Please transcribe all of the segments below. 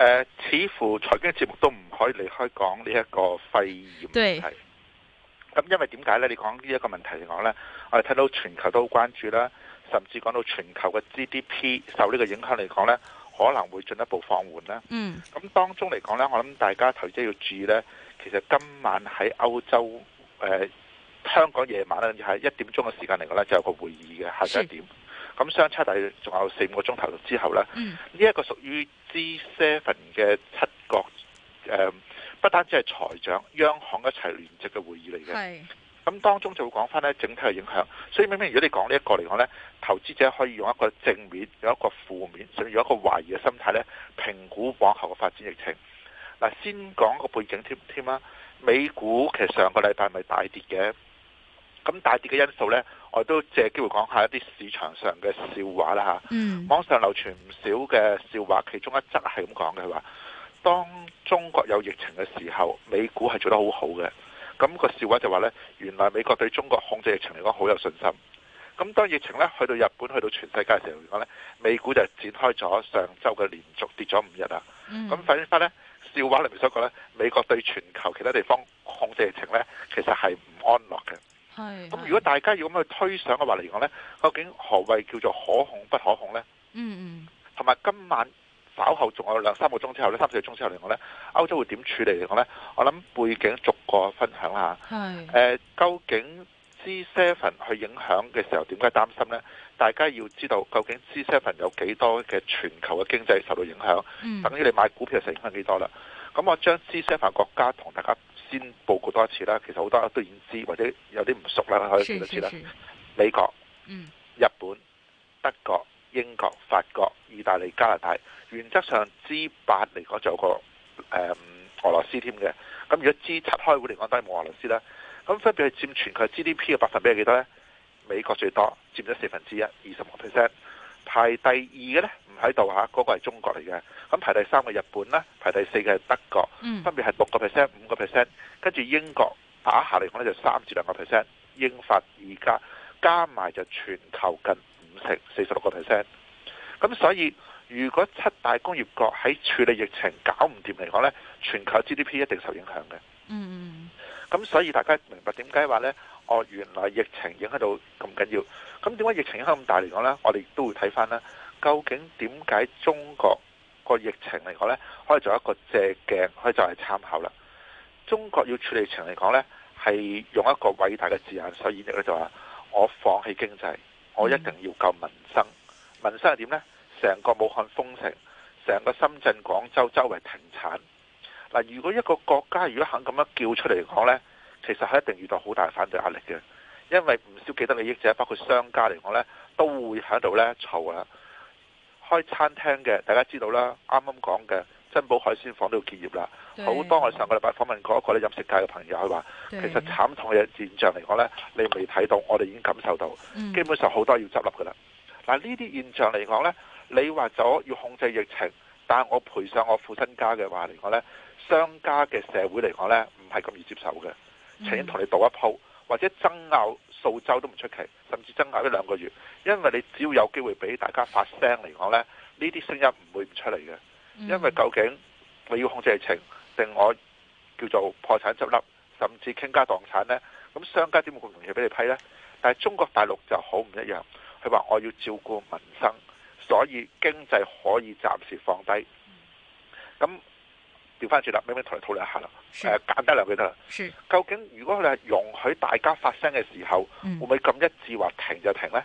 呃、似乎財經節目都唔可以離開講呢一個肺炎問題。咁因為點解呢？你講呢一個問題嚟講呢，我哋睇到全球都好關注啦，甚至講到全球嘅 GDP 受呢個影響嚟講呢，可能會進一步放緩啦。咁、嗯、當中嚟講呢，我諗大家頭先要注意呢，其實今晚喺歐洲誒、呃、香港夜晚呢係一點鐘嘅時間嚟講呢，就有個會議嘅，下一點。咁相差大約仲有四五個鐘頭之後呢，呢一個屬於 G7 嘅七國、呃、不單止係財長、央行一齊聯席嘅會議嚟嘅。咁當中就會講翻呢整體嘅影響，所以明明如果你講呢一個嚟講呢，投資者可以用一個正面、用一個負面有一個負面，甚至有一個懷疑嘅心態呢，評估往後嘅發展疫情。嗱，先講個背景添添啦，美股其實上個禮拜咪大跌嘅。咁大跌嘅因素呢，我都借機會講下一啲市場上嘅笑話啦嚇。Mm. 網上流傳唔少嘅笑話，其中一則係咁講嘅，佢話：當中國有疫情嘅時候，美股係做得好好嘅。咁個笑話就話呢，原來美國對中國控制疫情嚟講好有信心。咁當疫情呢去到日本、去到全世界嘅時候嚟講呢，美股就展開咗上週嘅連續跌咗五日啊。咁、mm. 反映返呢，笑話裏面所講呢，美國對全球其他地方控制疫情呢，其實係。咁如果大家要咁去推想嘅話嚟講呢，究竟何謂叫做可控不可控呢？嗯，同埋今晚稍後仲有兩三個鐘之後呢，三四個鐘之後嚟講呢，歐洲會點處理嚟講呢，我諗背景逐個分享下係、嗯嗯欸、究竟 G7 去影響嘅時候點解擔心呢？大家要知道究竟 G7 有幾多嘅全球嘅經濟受到影響，嗯嗯等於你買股票嘅成份幾多啦？咁我將 G7 國家同大家。先報告多一次啦，其實好多人都已經知，或者有啲唔熟啦，可以見多一次啦。是是是美國、嗯、日本、德國、英國、法國、意大利、加拿大，原則上 G8 嚟講就有個誒、嗯、俄羅斯添嘅。咁如果 G7 開會嚟講都係冇俄羅斯啦。咁分別係佔全球 GDP 嘅百分比係幾多呢？美國最多佔咗四分之一，二十個 percent。排第二嘅呢，唔喺度吓，嗰個係中國嚟嘅。咁排第三嘅日本啦，排第四嘅係德國，嗯、分別係六個 percent、五個 percent，跟住英國打下嚟講呢，就三至兩個 percent。英法而家加埋就全球近五成四十六個 percent。咁所以如果七大工業國喺處理疫情搞唔掂嚟講呢，全球 GDP 一定受影響嘅。嗯。咁所以大家明白點解話咧？哦，原來疫情影響到咁緊要。咁點解疫情影響咁大嚟講咧？我哋都會睇翻啦。究竟點解中國個疫情嚟講咧，可以做一個借鏡可以作為參考啦。中國要處理情嚟講咧，係用一個偉大嘅字眼所演繹咧，就話，我放棄經濟，我一定要救民生。民生係點咧？成個武漢封城，成個深圳、廣州周圍停產。嗱，如果一個國家如果肯咁樣叫出嚟講呢，其實係一定遇到好大反對壓力嘅，因為唔少既得利益者，包括商家嚟講呢，都會喺度呢嘈啊！開餐廳嘅大家知道啦，啱啱講嘅珍寶海鮮舫都要結業啦。好多，我上個禮拜訪問過一個咧飲食界嘅朋友，佢話其實慘痛嘅現象嚟講呢，你未睇到，我哋已經感受到。嗯。基本上好多要執笠噶啦。嗱，呢啲現象嚟講呢，你話咗要控制疫情，但係我賠上我副身家嘅話嚟講呢。商家嘅社會嚟講呢，唔係咁易接受嘅。請同你賭一鋪，或者爭拗數週都唔出奇，甚至爭拗一兩個月。因為你只要有機會俾大家發聲嚟講呢，呢啲聲音唔會唔出嚟嘅。嗯、因為究竟你要控制疫情，定我叫做破產執笠，甚至傾家蕩產呢？咁商家點會咁容易俾你批呢？但係中國大陸就好唔一樣，佢話我要照顧民生，所以經濟可以暫時放低。咁調翻轉啦，咩咩同你討論一下啦。誒、呃，簡單兩句得啦。究竟如果佢係容許大家發聲嘅時候，會唔會咁一致話停就停咧？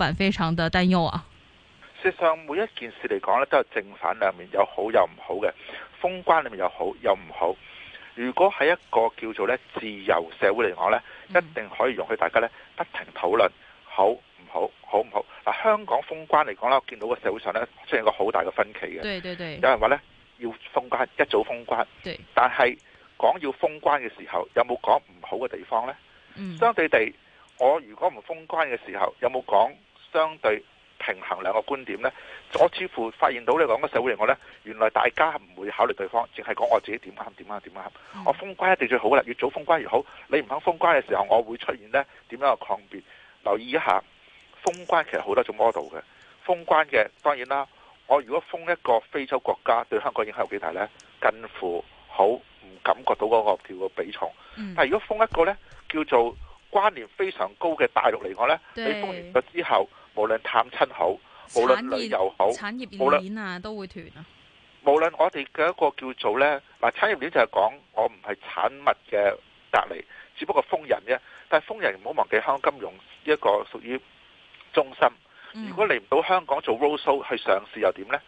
非常的擔憂啊！事實上每一件事嚟講咧，都係正反兩面，有好有唔好嘅。封關裏面有好有唔好。如果喺一個叫做咧自由社會嚟講咧，一定可以容許大家咧不停討論，好唔好，好唔好。嗱，香港封關嚟講啦，我見到個社會上咧出現個好大嘅分歧嘅。對對對，有人話咧要封關，一早封關。對。但係講要封關嘅時候，有冇講唔好嘅地方咧？嗯。相對地，地，我如果唔封關嘅時候，有冇講？相對平衡兩個觀點呢？我似乎發現到你講嘅社會嚟講呢，原來大家唔會考慮對方，淨係講我自己點啱點啱點啱。我封關一定最好啦，越早封關越好。你唔肯封關嘅時候，我會出現呢點樣嘅抗辯。留意一下，封關其實好多種 model 嘅。封關嘅，當然啦，我如果封一個非洲國家，對香港影響有幾大呢？近乎好唔感覺到嗰個叫個比重。但如果封一個呢，叫做關聯非常高嘅大陸嚟講呢，你封完咗之後，無論探親好，無論旅遊好，產業鏈啊都會斷啊！無論我哋嘅一個叫做咧，嗱，產業鏈就係講我唔係產物嘅隔離，只不過封人啫。但係封人唔好忘記香港金融一個屬於中心。嗯、如果嚟唔到香港做 road show 去上市又點咧？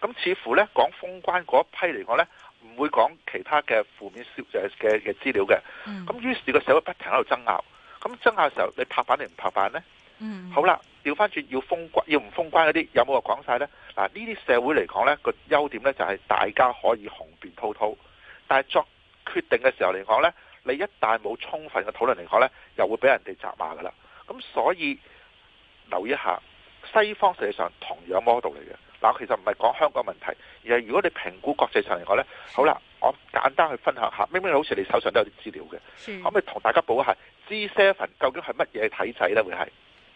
咁似乎咧講封關嗰一批嚟講咧，唔會講其他嘅負面消嘅嘅資料嘅。咁、嗯、於是個社會不停喺度爭拗，咁爭拗嘅時候你拍板定唔拍板咧？嗯，好啦。調翻轉要封關，要唔封關嗰啲有冇話講晒呢？嗱，呢啲社會嚟講呢個優點呢，就係大家可以雄辯滔滔，但係作決定嘅時候嚟講呢，你一旦冇充分嘅討論嚟講呢，又會俾人哋責罵噶啦。咁所以留意一下，西方實際上同樣 model 嚟嘅。嗱，其實唔係講香港問題，而係如果你評估國際上嚟講呢，好啦，我簡單去分享下，明明好似你手上都有啲資料嘅，可唔可以同大家補一下 G7 究竟係乜嘢體制呢？會係？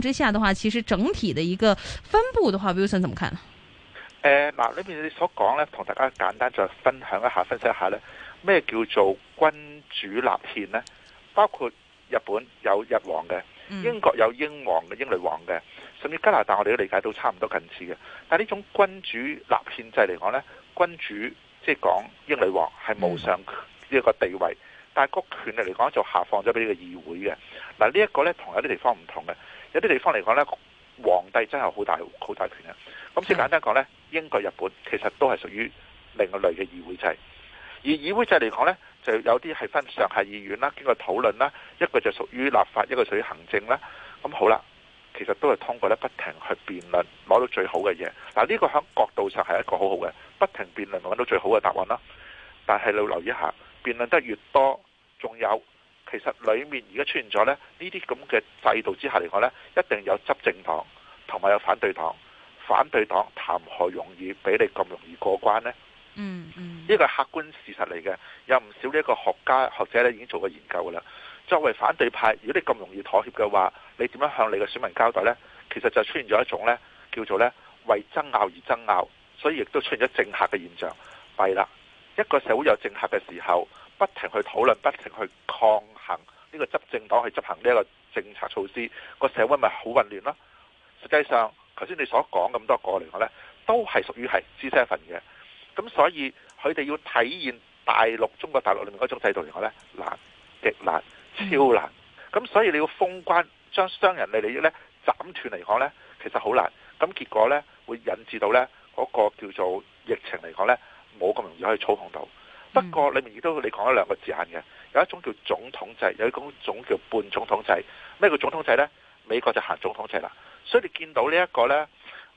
之下的話，其實整體的一個分布的話，Wilson 怎麼看？誒，嗱，裏邊你所講呢，同大家簡單再分享一下，分析一下呢咩叫做君主立憲呢？包括日本有日王嘅，英國有英王嘅，英女王嘅，甚至加拿大我哋都理解都差唔多近似嘅。但係呢種君主立憲制嚟講呢，君主即係講英女王係無上呢一個地位，嗯、但係個權力嚟講就下放咗俾呢個議會嘅。嗱，呢一個呢，同有啲地方唔同嘅。有啲地方嚟講呢，皇帝真係好大好大權啊！咁先簡單講呢，英國、日本其實都係屬於另一類嘅議會制。而議會制嚟講呢，就有啲係分上下議院啦，經過討論啦，一個就屬於立法，一個屬於行政啦。咁好啦，其實都係通過呢不停去辯論，攞到最好嘅嘢。嗱，呢個喺角度上係一個好好嘅，不停辯論揾到最好嘅答案啦。但係你要留意一下，辯論得越多，仲有。其實裡面而家出現咗呢，呢啲咁嘅制度之下嚟講，呢一定有執政黨同埋有，有反對黨。反對黨談何容易俾你咁容易過關呢？嗯，呢個係客觀事實嚟嘅，有唔少呢一個學家學者呢已經做過研究㗎啦。作為反對派，如果你咁容易妥協嘅話，你點樣向你嘅選民交代呢？其實就出現咗一種呢，叫做呢，為爭拗而爭拗，所以亦都出現咗政客嘅現象。弊喇，一個社會有政客嘅時候，不停去討論，不停去抗。呢個執政黨去執行呢一個政策措施，個社會咪好混亂咯。實際上，頭先你所講咁多個嚟講呢都係屬於係知識份嘅。咁所以佢哋要體現大陸中國大陸裏面嗰種制度嚟講呢，難極難超難。咁所以你要封關，將商人嘅利，利益呢斬斷嚟講呢，其實好難。咁結果呢，會引致到呢嗰個叫做疫情嚟講呢，冇咁容易可以操控到。不過，你咪亦都你講咗兩個字眼嘅，有一種叫總統制，有一種叫半總統制。咩叫總統制呢？美國就行總統制啦，所以你見到呢一個呢，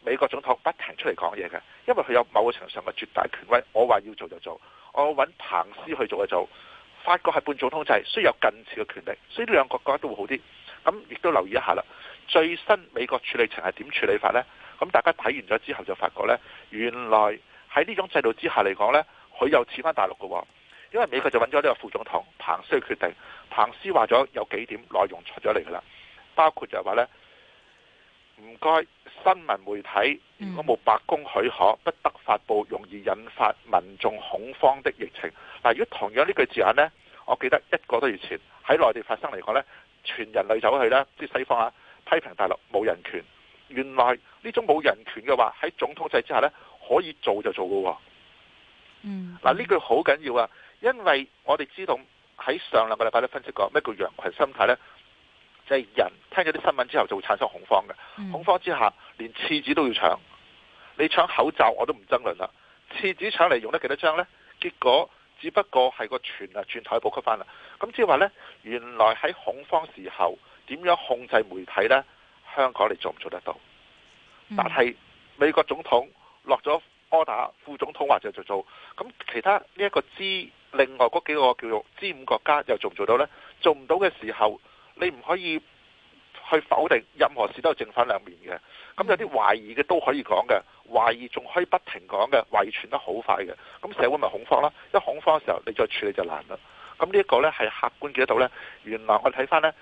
美國總統不停出嚟講嘢嘅，因為佢有某個程度上嘅絕大權威，我話要做就做，我揾彭斯去做就做。法國係半總統制，需有近似嘅權力，所以呢兩個國家都會好啲。咁亦都留意一下啦。最新美國處理層係點處理法呢？咁大家睇完咗之後就發覺呢，原來喺呢種制度之下嚟講呢。佢又似翻大陸喎，因為美國就揾咗呢個副總統彭斯去決定。彭斯話咗有幾點內容出咗嚟噶啦，包括就係話呢：「唔該新聞媒體如果冇白宮許可，不得發布容易引發民眾恐慌的疫情。嗱，如果同樣呢句字眼呢，我記得一個多月前喺內地發生嚟講呢，全人類走去呢即西方啊，批評大陸冇人權。原來呢種冇人權嘅話喺總統制之下呢，可以做就做噶喎。嗯，嗱呢句好緊要啊，因為我哋知道喺上兩個禮拜都分析過咩叫羊群心態咧，就係、是、人聽咗啲新聞之後就會產生恐慌嘅、嗯，恐慌之下連廁紙都要搶，你搶口罩我都唔爭論啦，廁紙搶嚟用得幾多張咧？結果只不過係個全啊，轉台補給翻啦，咁即係話咧，原來喺恐慌時候點樣控制媒體咧？香港你做唔做得到？嗯、但係美國總統落咗。柯打副總統或者做做，咁其他呢一個支另外嗰幾個叫做支五國家又做唔做到呢？做唔到嘅時候，你唔可以去否定任何事都係正反兩面嘅。咁有啲懷疑嘅都可以講嘅，懷疑仲可以不停講嘅，遺傳得好快嘅。咁社會咪恐慌啦！一恐慌嘅時候，你再處理就難啦。咁呢一個呢係客觀見得，得到呢。原來我哋睇翻呢，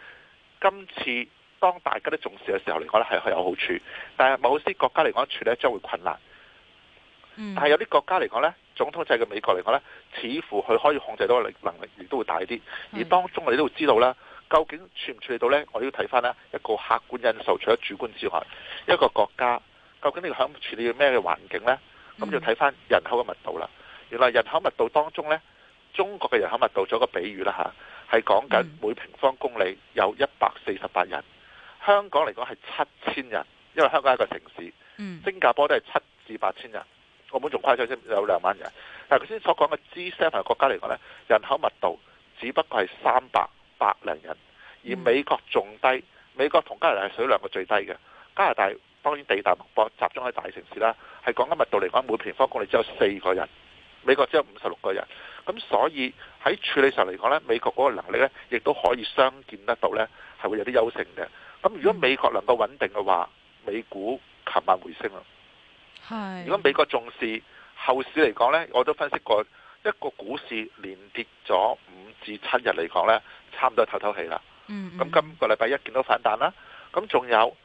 今次當大家都重視嘅時候嚟講呢，係係有好處，但係某些國家嚟講處理咧將會困難。嗯、但係有啲國家嚟講呢，總統制嘅美國嚟講呢，似乎佢可以控制到嘅力能力亦都會大啲。而當中我哋都會知道啦，究竟處唔處理到呢？我要睇翻呢一個客觀因素除咗主觀之外，嗯、一個國家究竟你響處理嘅咩嘅環境咧？咁、嗯、要睇翻人口嘅密度啦。原來人口密度當中呢，中國嘅人口密度做個比喻啦嚇，係講緊每平方公里有一百四十八人，嗯。香港嚟講係七千人，因為香港係一個城市，嗯、新加坡都係七至八千人。澳門仲誇張先有兩萬人，但係頭先所講嘅 G7 嘅國家嚟講咧，人口密度只不過係三百百零人，而美國仲低，美國同加拿大係水量嘅最低嘅。加拿大當然地大物博，集中喺大城市啦，係講緊密度嚟講，每平方公里只有四個人，美國只有五十六個人。咁所以喺處理上嚟講咧，美國嗰個能力呢亦都可以相見得到呢係會有啲優勝嘅。咁如果美國能夠穩定嘅話，美股琴晚回升啦。係，如果美國重視後市嚟講呢，我都分析過一個股市連跌咗五至七日嚟講呢，差唔多透透氣啦。咁、嗯、今、嗯、個禮拜一見到反彈啦，咁仲有，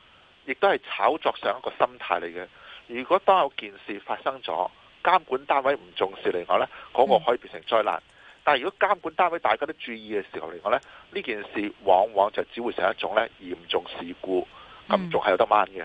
亦都係炒作上一個心態嚟嘅。如果當有件事發生咗，監管單位唔重視嚟講呢，嗰、嗰個可以變成災難。嗯、但係如果監管單位大家都注意嘅時候嚟講呢，呢件事往往就只會成一種呢嚴重事故，咁仲係有得掹嘅。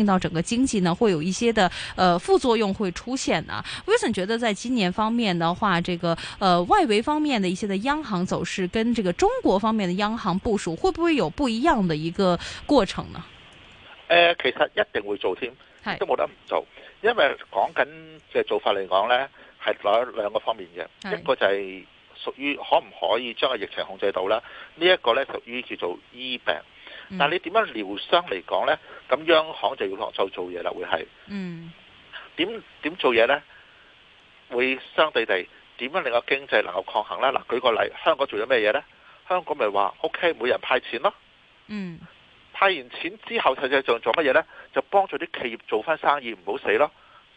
令到整個經濟呢，會有一些的，呃副作用會出現啊。Wilson 覺得在今年方面的話，這個，呃外圍方面的一些的央行走勢跟這個中國方面的央行部署，會不會有不一樣的一個過程呢？呃、其實一定會做添，亦都冇得唔做，因為講緊嘅做法嚟講呢，係有兩,兩個方面嘅，一個就係屬於可唔可以將個疫情控制到啦，呢、這、一個呢屬於叫做醫、e、病。嗯、但係你點樣療傷嚟講呢？咁央行就要落手做嘢啦，會係。嗯。點點做嘢呢？會相對地點樣令個經濟能夠抗衡呢？嗱，舉個例，香港做咗咩嘢呢？香港咪話 OK，每人派錢咯。嗯。派完錢之後，實際做做乜嘢呢？就幫助啲企業做翻生意，唔好死咯。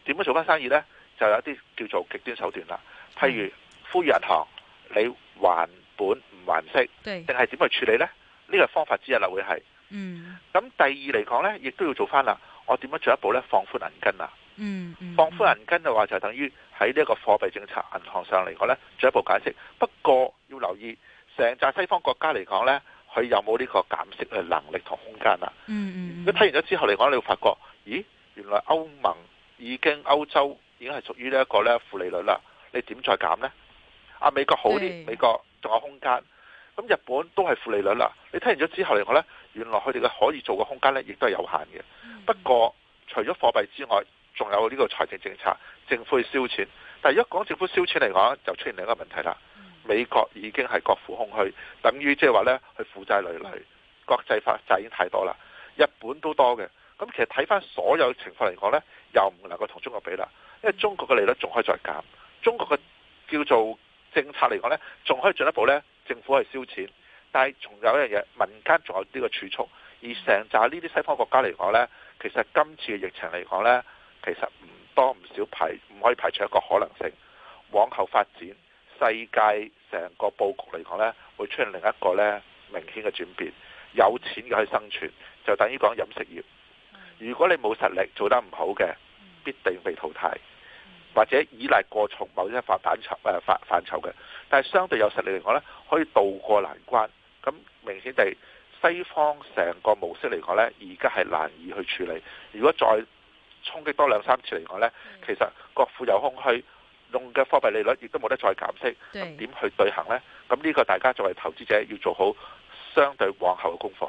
點樣做翻生意呢？就有啲叫做極端手段啦。譬如、嗯，呼籲銀行你還本唔還息，定係點去處理呢？呢個方法之一啦，會係，嗯，咁第二嚟講呢，亦都要做翻啦。我點樣進一步呢？放寬銀根啊，嗯，嗯，放寬銀根嘅話就等於喺呢一個貨幣政策銀行上嚟講呢，進一步解釋。不過要留意，成紮西方國家嚟講呢，佢有冇呢個減息嘅能力同空間啊？嗯嗯，咁睇完咗之後嚟講，你會發覺，咦，原來歐盟已經歐洲已經係屬於呢一個呢負利率啦。你點再減呢？啊，美國好啲，美國仲有空間。咁日本都係負利率啦，你睇完咗之後嚟講呢，原來佢哋嘅可以做嘅空間呢，亦都係有限嘅。不過除咗貨幣之外，仲有呢個財政政策，政府去燒錢。但係一講政府燒錢嚟講，就出現另一個問題啦。美國已經係國庫空虛，等於即係話呢，佢負債累累，國際化債已經太多啦。日本都多嘅。咁其實睇返所有情況嚟講呢，又唔能夠同中國比啦，因為中國嘅利率仲可以再減，中國嘅叫做政策嚟講呢，仲可以進一步呢。政府係燒錢，但係仲有一樣嘢，民間仲有呢個儲蓄，而成扎呢啲西方國家嚟講呢，其實今次嘅疫情嚟講呢，其實唔多唔少排唔可以排除一個可能性，往後發展世界成個佈局嚟講呢，會出現另一個呢明顯嘅轉變。有錢嘅去生存，就等於講飲食業。如果你冇實力做得唔好嘅，必定被淘汰，或者依賴過重某啲範疇誒範嘅。但係相對有實力嚟講呢。可以渡過難關，咁明顯地西方成個模式嚟講呢，而家係難以去處理。如果再衝擊多兩三次嚟講呢，其實國庫有空虛，用嘅貨幣利率亦都冇得再減息，咁點去對衡呢？咁呢個大家作為投資者要做好相對往後嘅功課。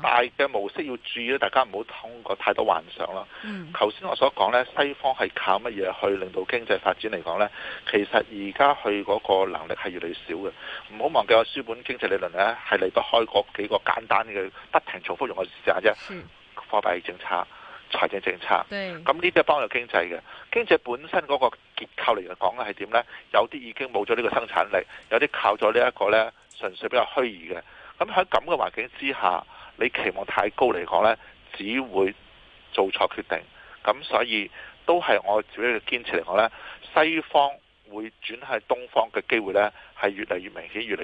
大嘅模式要注意咧，大家唔好通過太多幻想咯。頭、mm. 先我所講咧，西方係靠乜嘢去令到經濟發展嚟講呢？其實而家佢嗰個能力係越嚟越少嘅。唔好忘記我書本經濟理論呢，係離得開嗰幾個簡單嘅不停重複用嘅事實啫。Mm. 貨幣政策、財政政策，咁呢啲都幫助經濟嘅。經濟本身嗰個結構嚟講咧係點咧？有啲已經冇咗呢個生產力，有啲靠咗呢一個呢，純粹比較虛擬嘅。咁喺咁嘅環境之下。你期望太高嚟講咧，只會做錯決定。咁所以都係我自己嘅堅持嚟講咧，西方會轉向東方嘅機會咧，係越嚟越明顯，越嚟。